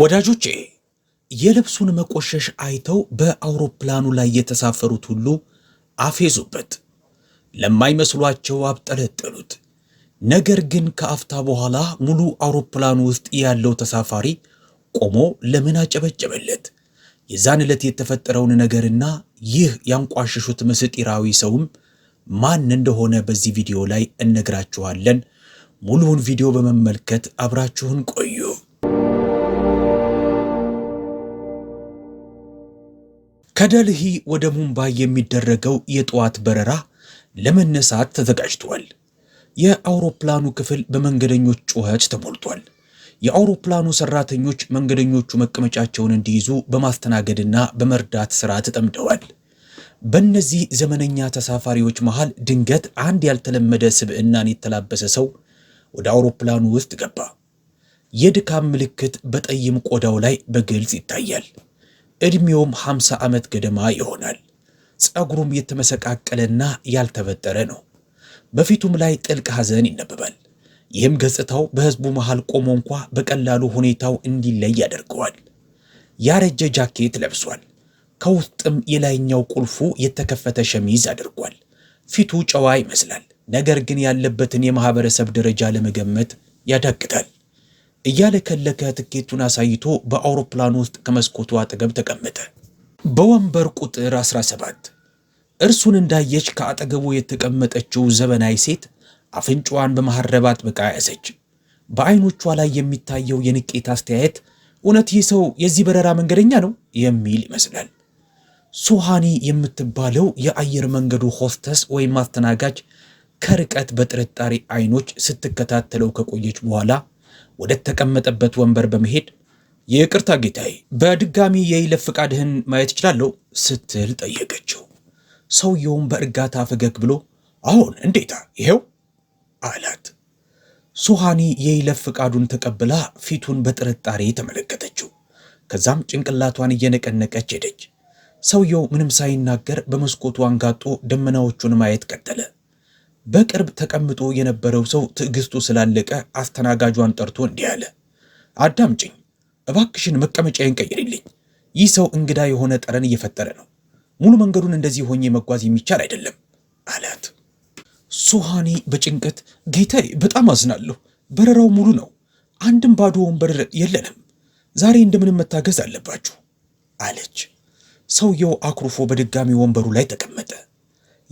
ወዳጆቼ የልብሱን መቆሸሽ አይተው በአውሮፕላኑ ላይ የተሳፈሩት ሁሉ አፌዙበት፣ ለማይመስሏቸው አብጠለጠሉት። ነገር ግን ከአፍታ በኋላ ሙሉ አውሮፕላኑ ውስጥ ያለው ተሳፋሪ ቆሞ ለምን አጨበጨበለት? የዛን ዕለት የተፈጠረውን ነገርና ይህ ያንቋሸሹት ምስጢራዊ ሰውም ማን እንደሆነ በዚህ ቪዲዮ ላይ እነግራችኋለን። ሙሉውን ቪዲዮ በመመልከት አብራችሁን ቆዩ። ከደልሂ ወደ ሙምባይ የሚደረገው የጠዋት በረራ ለመነሳት ተዘጋጅቷል። የአውሮፕላኑ ክፍል በመንገደኞች ጩኸት ተሞልቷል። የአውሮፕላኑ ሰራተኞች መንገደኞቹ መቀመጫቸውን እንዲይዙ በማስተናገድና በመርዳት ሥራ ተጠምደዋል። በእነዚህ ዘመነኛ ተሳፋሪዎች መሃል ድንገት አንድ ያልተለመደ ስብዕናን የተላበሰ ሰው ወደ አውሮፕላኑ ውስጥ ገባ። የድካም ምልክት በጠይም ቆዳው ላይ በግልጽ ይታያል። ዕድሜውም 50 ዓመት ገደማ ይሆናል። ጸጉሩም የተመሰቃቀለና ያልተበጠረ ነው። በፊቱም ላይ ጥልቅ ሐዘን ይነበባል። ይህም ገጽታው በሕዝቡ መሃል ቆሞ እንኳ በቀላሉ ሁኔታው እንዲለይ ያደርገዋል። ያረጀ ጃኬት ለብሷል። ከውስጥም የላይኛው ቁልፉ የተከፈተ ሸሚዝ አድርጓል። ፊቱ ጨዋ ይመስላል፣ ነገር ግን ያለበትን የማኅበረሰብ ደረጃ ለመገመት ያዳግታል። እያለከለከ ትኬቱን አሳይቶ በአውሮፕላን ውስጥ ከመስኮቱ አጠገብ ተቀመጠ። በወንበር ቁጥር 17 እርሱን እንዳየች ከአጠገቡ የተቀመጠችው ዘበናዊ ሴት አፍንጫዋን በማሀረባት በቃ ያዘች። በአይኖቿ ላይ የሚታየው የንቄት አስተያየት እውነት ይህ ሰው የዚህ በረራ መንገደኛ ነው የሚል ይመስላል። ሱሃኒ የምትባለው የአየር መንገዱ ሆስተስ ወይም አስተናጋጅ ከርቀት በጥርጣሬ አይኖች ስትከታተለው ከቆየች በኋላ ወደ ተቀመጠበት ወንበር በመሄድ ይቅርታ ጌታዬ፣ በድጋሚ የይለፍ ፍቃድህን ማየት እችላለሁ ስትል ጠየቀችው። ሰውየውም በእርጋታ ፈገግ ብሎ አሁን እንዴታ ይሄው አላት። ሱሃኒ የይለፍ ፍቃዱን ተቀብላ ፊቱን በጥርጣሬ ተመለከተችው። ከዛም ጭንቅላቷን እየነቀነቀች ሄደች። ሰውየው ምንም ሳይናገር በመስኮቱ አንጋጦ ደመናዎቹን ማየት ቀጠለ። በቅርብ ተቀምጦ የነበረው ሰው ትዕግስቱ ስላለቀ አስተናጋጇን ጠርቶ እንዲህ አለ። አዳምጪኝ እባክሽን፣ መቀመጫዬን ቀይርልኝ። ይህ ሰው እንግዳ የሆነ ጠረን እየፈጠረ ነው። ሙሉ መንገዱን እንደዚህ ሆኜ መጓዝ የሚቻል አይደለም አላት። ሱሃኔ በጭንቀት ጌታዬ፣ በጣም አዝናለሁ። በረራው ሙሉ ነው። አንድም ባዶ ወንበር የለንም። ዛሬ እንደምንም መታገዝ አለባችሁ አለች። ሰውየው አኩርፎ በድጋሚ ወንበሩ ላይ ተቀመጠ።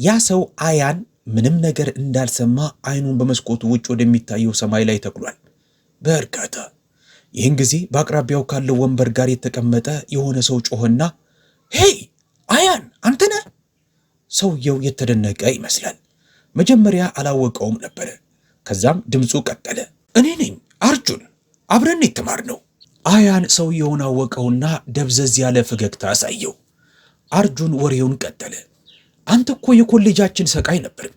ያ ሰው አያን ምንም ነገር እንዳልሰማ አይኑን በመስኮቱ ውጭ ወደሚታየው ሰማይ ላይ ተክሏል በእርጋታ። ይህን ጊዜ በአቅራቢያው ካለው ወንበር ጋር የተቀመጠ የሆነ ሰው ጮኸና፣ ሄይ አያን አንተ ነህ? ሰውየው የተደነቀ ይመስላል። መጀመሪያ አላወቀውም ነበር። ከዛም ድምፁ ቀጠለ። እኔ ነኝ አርጁን፣ አብረን የተማር ነው። አያን ሰውየውን አወቀውና ደብዘዝ ያለ ፈገግታ አሳየው። አርጁን ወሬውን ቀጠለ። አንተ እኮ የኮሌጃችን ሰቃይ ነበርክ።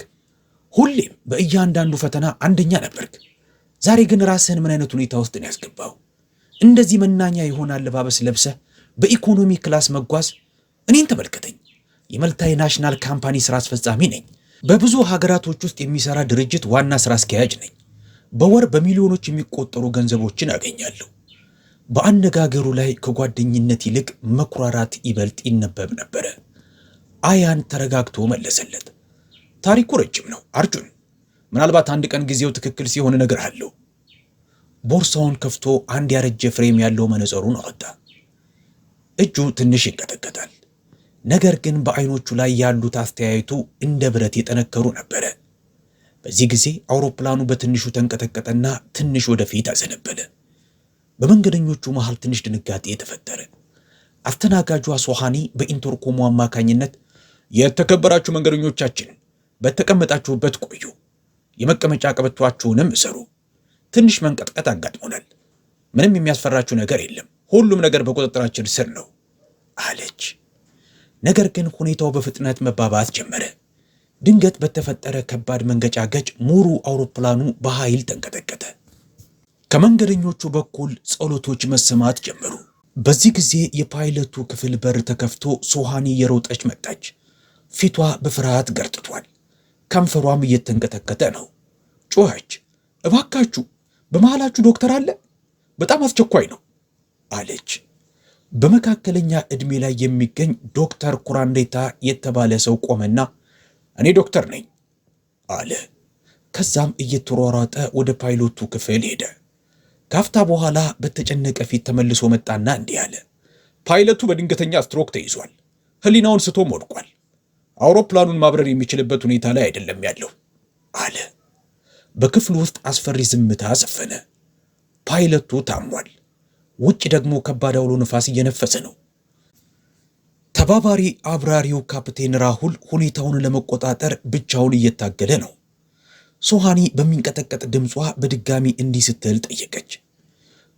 ሁሌም በእያንዳንዱ ፈተና አንደኛ ነበርክ። ዛሬ ግን ራስህን ምን አይነት ሁኔታ ውስጥ ነው ያስገባው? እንደዚህ መናኛ የሆነ አለባበስ ለብሰህ በኢኮኖሚ ክላስ መጓዝ። እኔን ተመልከተኝ። የመልታይ ናሽናል ካምፓኒ ስራ አስፈጻሚ ነኝ። በብዙ ሀገራቶች ውስጥ የሚሰራ ድርጅት ዋና ስራ አስኪያጅ ነኝ። በወር በሚሊዮኖች የሚቆጠሩ ገንዘቦችን አገኛለሁ። በአነጋገሩ ላይ ከጓደኝነት ይልቅ መኩራራት ይበልጥ ይነበብ ነበረ። አያን ተረጋግቶ መለሰለት። ታሪኩ ረጅም ነው አርጁን፣ ምናልባት አንድ ቀን ጊዜው ትክክል ሲሆን እነግርሃለሁ። ቦርሳውን ከፍቶ አንድ ያረጀ ፍሬም ያለው መነጸሩን አወጣ። እጁ ትንሽ ይንቀጠቀጣል፣ ነገር ግን በአይኖቹ ላይ ያሉት አስተያየቱ እንደ ብረት የጠነከሩ ነበረ። በዚህ ጊዜ አውሮፕላኑ በትንሹ ተንቀጠቀጠና ትንሽ ወደፊት አዘነበለ። በመንገደኞቹ መሃል ትንሽ ድንጋጤ ተፈጠረ። አስተናጋጇ ሶሃኒ በኢንተርኮሙ አማካኝነት የተከበራችሁ መንገደኞቻችን በተቀመጣችሁበት ቆዩ፣ የመቀመጫ ቀበቷችሁንም እሰሩ። ትንሽ መንቀጥቀጥ አጋጥሞናል። ምንም የሚያስፈራችሁ ነገር የለም፣ ሁሉም ነገር በቁጥጥራችን ስር ነው አለች። ነገር ግን ሁኔታው በፍጥነት መባባት ጀመረ። ድንገት በተፈጠረ ከባድ መንገጫገጭ ሙሉ አውሮፕላኑ በኃይል ተንቀጠቀጠ። ከመንገደኞቹ በኩል ጸሎቶች መሰማት ጀመሩ። በዚህ ጊዜ የፓይለቱ ክፍል በር ተከፍቶ ሶሃኒ የሮጠች መጣች። ፊቷ በፍርሃት ገርጥቷል። ከንፈሯም እየተንቀጠቀጠ ነው። ጮኸች። እባካችሁ በመሃላችሁ ዶክተር አለ? በጣም አስቸኳይ ነው አለች። በመካከለኛ ዕድሜ ላይ የሚገኝ ዶክተር ኩራንዴታ የተባለ ሰው ቆመና እኔ ዶክተር ነኝ አለ። ከዛም እየተሯሯጠ ወደ ፓይሎቱ ክፍል ሄደ። ካፍታ በኋላ በተጨነቀ ፊት ተመልሶ መጣና እንዲህ አለ። ፓይለቱ በድንገተኛ ስትሮክ ተይዟል። ህሊናውን ስቶም ወድቋል። አውሮፕላኑን ማብረር የሚችልበት ሁኔታ ላይ አይደለም ያለው አለ። በክፍሉ ውስጥ አስፈሪ ዝምታ ሰፈነ። ፓይለቱ ታሟል። ውጭ ደግሞ ከባድ አውሎ ነፋስ እየነፈሰ ነው። ተባባሪ አብራሪው ካፕቴን ራሁል ሁኔታውን ለመቆጣጠር ብቻውን እየታገለ ነው። ሶሃኒ በሚንቀጠቀጥ ድምጿ በድጋሚ እንዲህ ስትል ጠየቀች።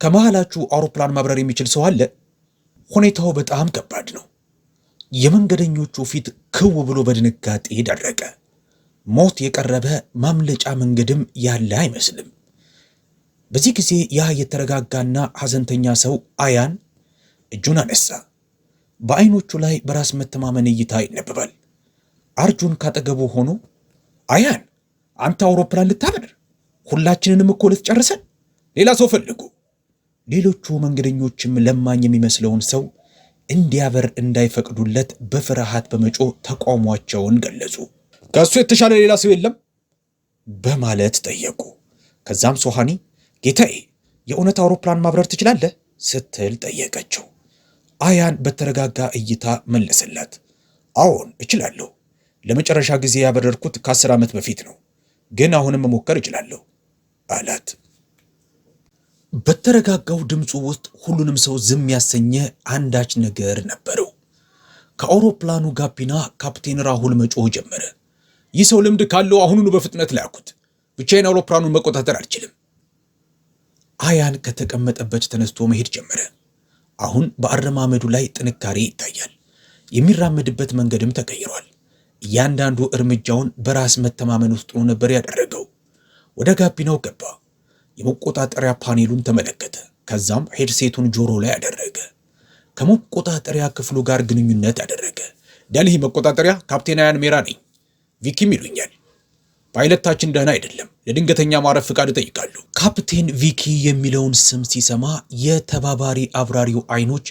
ከመሃላችሁ አውሮፕላን ማብረር የሚችል ሰው አለ? ሁኔታው በጣም ከባድ ነው። የመንገደኞቹ ፊት ክው ብሎ በድንጋጤ ደረቀ። ሞት የቀረበ ማምለጫ መንገድም ያለ አይመስልም። በዚህ ጊዜ ያ የተረጋጋና ሐዘንተኛ ሰው አያን እጁን አነሳ። በዐይኖቹ ላይ በራስ መተማመን እይታ ይነበባል። አርጁን ካጠገቡ ሆኖ አያን፣ አንተ አውሮፕላን ልታብር፣ ሁላችንንም እኮ ልትጨርሰን፣ ሌላ ሰው ፈልጉ። ሌሎቹ መንገደኞችም ለማኝ የሚመስለውን ሰው እንዲያበር እንዳይፈቅዱለት በፍርሃት በመጮ ተቃውሟቸውን ገለጹ። ከእሱ የተሻለ ሌላ ሰው የለም በማለት ጠየቁ። ከዛም ሶሃኒ ጌታዬ፣ የእውነት አውሮፕላን ማብረር ትችላለህ ስትል ጠየቀችው። አያን በተረጋጋ እይታ መለሰላት። አዎን እችላለሁ። ለመጨረሻ ጊዜ ያበረርኩት ከአስር ዓመት በፊት ነው፣ ግን አሁንም መሞከር እችላለሁ አላት። በተረጋጋው ድምፁ ውስጥ ሁሉንም ሰው ዝም ያሰኘ አንዳች ነገር ነበረው። ከአውሮፕላኑ ጋቢና ካፕቴን ራሁል መጮህ ጀመረ። ይህ ሰው ልምድ ካለው አሁኑኑ በፍጥነት ላኩት። ብቻዬን አውሮፕላኑን መቆጣጠር አልችልም። አያን ከተቀመጠበት ተነስቶ መሄድ ጀመረ። አሁን በአረማመዱ ላይ ጥንካሬ ይታያል። የሚራመድበት መንገድም ተቀይሯል። እያንዳንዱ እርምጃውን በራስ መተማመን ውስጥ ነበር ያደረገው። ወደ ጋቢናው ገባ። የመቆጣጠሪያ ፓኔሉን ተመለከተ። ከዛም ሄድሴቱን ጆሮ ላይ አደረገ። ከመቆጣጠሪያ ክፍሉ ጋር ግንኙነት አደረገ። ደልሂ መቆጣጠሪያ ካፕቴን አያን ሜራ ነኝ፣ ቪኪም ይሉኛል። ፓይለታችን ደህና አይደለም፣ ለድንገተኛ ማረፍ ፍቃድ እጠይቃለሁ። ካፕቴን ቪኪ የሚለውን ስም ሲሰማ የተባባሪ አብራሪው አይኖች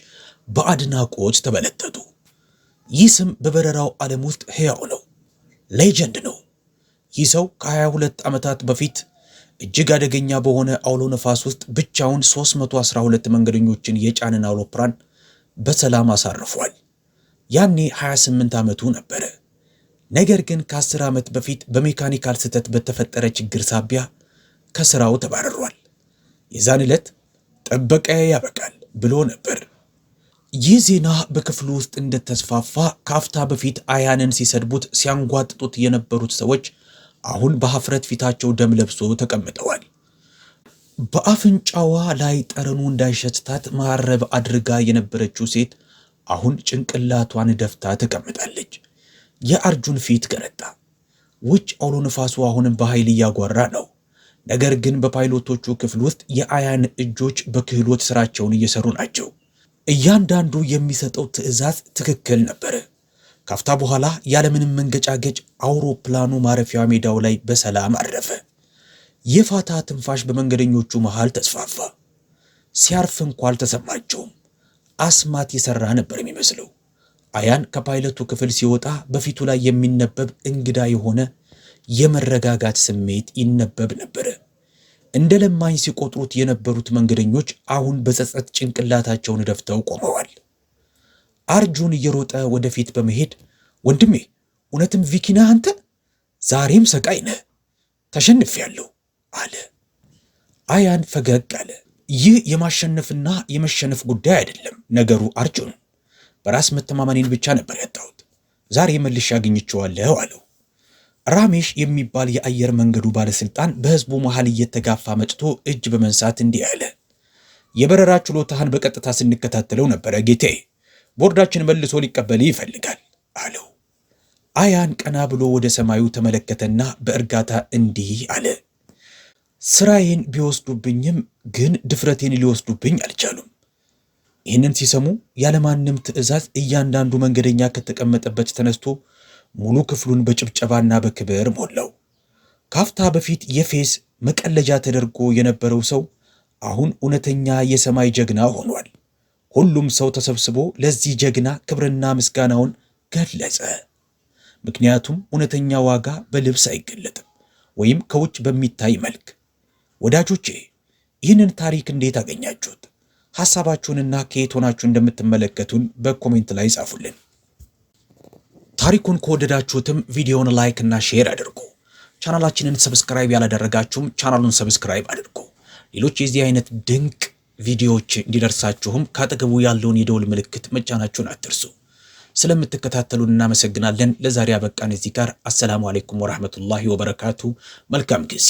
በአድናቆት ተመለከቱ። ይህ ስም በበረራው ዓለም ውስጥ ሕያው ነው፣ ሌጀንድ ነው። ይህ ሰው ከ22 ዓመታት በፊት እጅግ አደገኛ በሆነ አውሎ ነፋስ ውስጥ ብቻውን 312 መንገደኞችን የጫነን አውሮፕላን በሰላም አሳርፏል። ያኔ 28 ዓመቱ ነበረ። ነገር ግን ከ10 ዓመት በፊት በሜካኒካል ስህተት በተፈጠረ ችግር ሳቢያ ከስራው ተባረሯል። የዛን ዕለት ጥበቃዬ ያበቃል ብሎ ነበር። ይህ ዜና በክፍሉ ውስጥ እንደተስፋፋ ከአፍታ በፊት አያንን ሲሰድቡት ሲያንጓጥጡት የነበሩት ሰዎች አሁን በሐፍረት ፊታቸው ደም ለብሶ ተቀምጠዋል። በአፍንጫዋ ላይ ጠረኑ እንዳይሸትታት መሐረብ አድርጋ የነበረችው ሴት አሁን ጭንቅላቷን ደፍታ ተቀምጣለች። የአርጁን ፊት ገረጣ። ውጭ አውሎ ነፋሱ አሁንም በኃይል እያጓራ ነው። ነገር ግን በፓይሎቶቹ ክፍል ውስጥ የአያን እጆች በክህሎት ስራቸውን እየሰሩ ናቸው። እያንዳንዱ የሚሰጠው ትዕዛዝ ትክክል ነበር። ካፍታ በኋላ ያለምንም መንገጫገጭ አውሮፕላኑ ማረፊያ ሜዳው ላይ በሰላም አረፈ። የፋታ ትንፋሽ በመንገደኞቹ መሃል ተስፋፋ። ሲያርፍ እንኳ አልተሰማቸውም። አስማት የሰራ ነበር የሚመስለው። አያን ከፓይለቱ ክፍል ሲወጣ በፊቱ ላይ የሚነበብ እንግዳ የሆነ የመረጋጋት ስሜት ይነበብ ነበረ። እንደ ለማኝ ሲቆጥሩት የነበሩት መንገደኞች አሁን በጸጸት ጭንቅላታቸውን ደፍተው ቆመዋል። አርጁን እየሮጠ ወደፊት በመሄድ ወንድሜ እውነትም ቪኪ ነህ አንተ? ዛሬም ሰቃይ ነህ፣ ተሸንፌያለሁ አለ። አያን ፈገግ አለ። ይህ የማሸነፍና የመሸነፍ ጉዳይ አይደለም ነገሩ አርጁን። በራስ መተማመኔን ብቻ ነበር ያጣሁት፣ ዛሬ መልሼ አግኝቼዋለሁ አለው። ራሜሽ የሚባል የአየር መንገዱ ባለሥልጣን በሕዝቡ መሃል እየተጋፋ መጥቶ እጅ በመንሳት እንዲህ አለ። የበረራ ችሎታህን በቀጥታ ስንከታተለው ነበረ ጌቴ ቦርዳችን መልሶ ሊቀበል ይፈልጋል አለው። አያን ቀና ብሎ ወደ ሰማዩ ተመለከተና በእርጋታ እንዲህ አለ። ስራዬን ቢወስዱብኝም ግን ድፍረቴን ሊወስዱብኝ አልቻሉም። ይህንን ሲሰሙ ያለማንም ትዕዛዝ እያንዳንዱ መንገደኛ ከተቀመጠበት ተነስቶ ሙሉ ክፍሉን በጭብጨባና በክብር ሞላው። ካፍታ በፊት የፌስ መቀለጃ ተደርጎ የነበረው ሰው አሁን እውነተኛ የሰማይ ጀግና ሆኗል። ሁሉም ሰው ተሰብስቦ ለዚህ ጀግና ክብርና ምስጋናውን ገለጸ። ምክንያቱም እውነተኛ ዋጋ በልብስ አይገለጥም ወይም ከውጭ በሚታይ መልክ። ወዳጆቼ ይህንን ታሪክ እንዴት አገኛችሁት? ሐሳባችሁንና ከየት ሆናችሁ እንደምትመለከቱን በኮሜንት ላይ ጻፉልን። ታሪኩን ከወደዳችሁትም ቪዲዮውን ላይክ እና ሼር አድርጉ። ቻናላችንን ሰብስክራይብ ያላደረጋችሁም ቻናሉን ሰብስክራይብ አድርጉ። ሌሎች የዚህ አይነት ድንቅ ቪዲዮዎች እንዲደርሳችሁም ከአጠገቡ ያለውን የደውል ምልክት መጫናችሁን አትርሱ። ስለምትከታተሉን እናመሰግናለን። ለዛሬ አበቃን እዚህ ጋር። አሰላሙ አሌይኩም ወራህመቱላሂ ወበረካቱ። መልካም ጊዜ